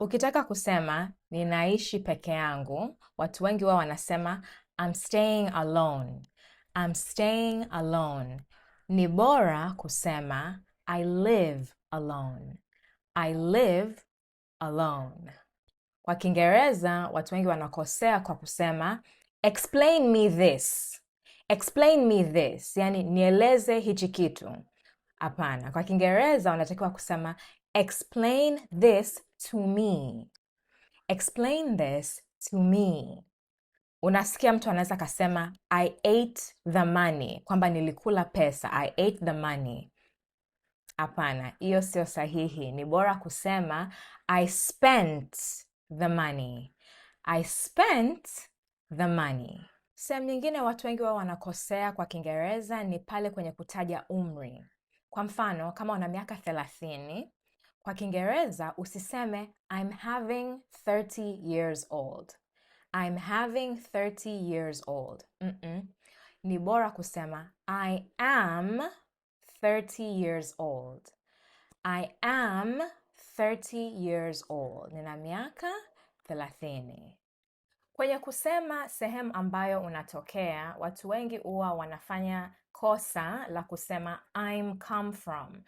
Ukitaka kusema ninaishi peke yangu, watu wengi wao wanasema I'm staying alone. I'm staying alone. Ni bora kusema I live alone. I live alone. Kwa Kiingereza watu wengi wanakosea kwa kusema explain me this. Explain me this. nieleze hichi kitu. Hapana. Kwa Kiingereza wanatakiwa kusema explain this to me, explain this to me. Unasikia mtu anaweza akasema I ate the money, kwamba nilikula pesa. I ate the money. Hapana, hiyo sio sahihi. Ni bora kusema I spent the money. I spent the money. Sehemu nyingine watu wengi wao wanakosea kwa Kiingereza ni pale kwenye kutaja umri. Kwa mfano, kama una miaka thelathini kwa Kiingereza usiseme I'm having 30 years old. I'm having 30 years old. Mm -mm. Ni bora kusema I am 30 years old. I am 30 years old. Nina miaka 30. Kwenye kusema sehemu ambayo unatokea, watu wengi huwa wanafanya kosa la kusema I'm come from.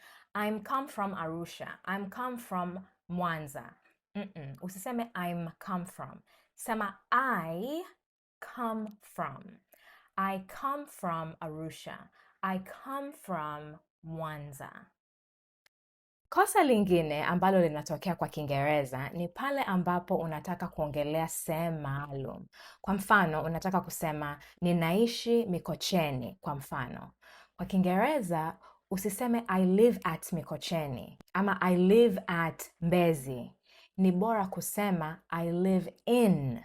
I'm come from Arusha. I'm come from Mwanza. Mm-mm. Usiseme I'm come from. Sema I come from. I come from Arusha. I come from Mwanza. Kosa lingine ambalo linatokea kwa Kiingereza ni pale ambapo unataka kuongelea sehemu maalum. Kwa mfano, unataka kusema ninaishi Mikocheni kwa mfano. Kwa Kiingereza usiseme I live at Mikocheni ama I live at Mbezi. Ni bora kusema I live in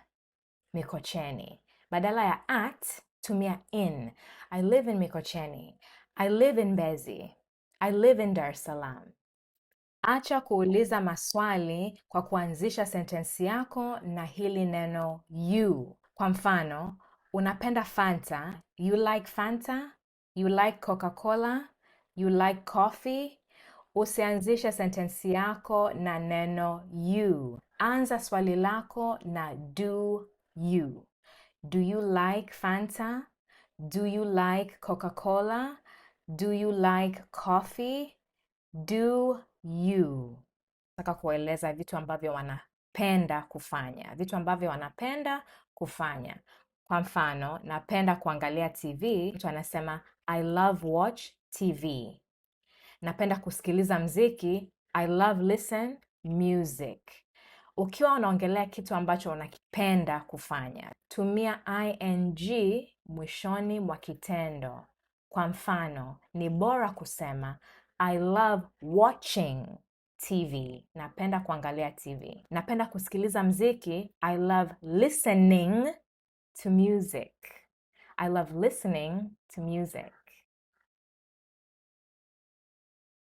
Mikocheni. Badala ya at, tumia in. I live in Mikocheni. I live in Mbezi. I live in Dar es Salaam. Acha kuuliza maswali kwa kuanzisha sentensi yako na hili neno you. Kwa mfano, unapenda Fanta, you like Fanta, you like Coca-Cola, you like coffee. Usianzishe sentensi yako na neno you. Anza swali lako na do you. Do you like Fanta? Do you like Coca-Cola? Do you like coffee? do you. Nataka kueleza vitu ambavyo wanapenda kufanya, vitu ambavyo wanapenda kufanya. Kwa mfano, napenda kuangalia TV, mtu anasema I love watch TV. Napenda kusikiliza mziki, I love listen music. Ukiwa unaongelea kitu ambacho unakipenda kufanya, tumia ing mwishoni mwa kitendo. Kwa mfano, ni bora kusema I love watching TV. Napenda kuangalia TV. Napenda kusikiliza mziki. I love listening to music. I love listening to music.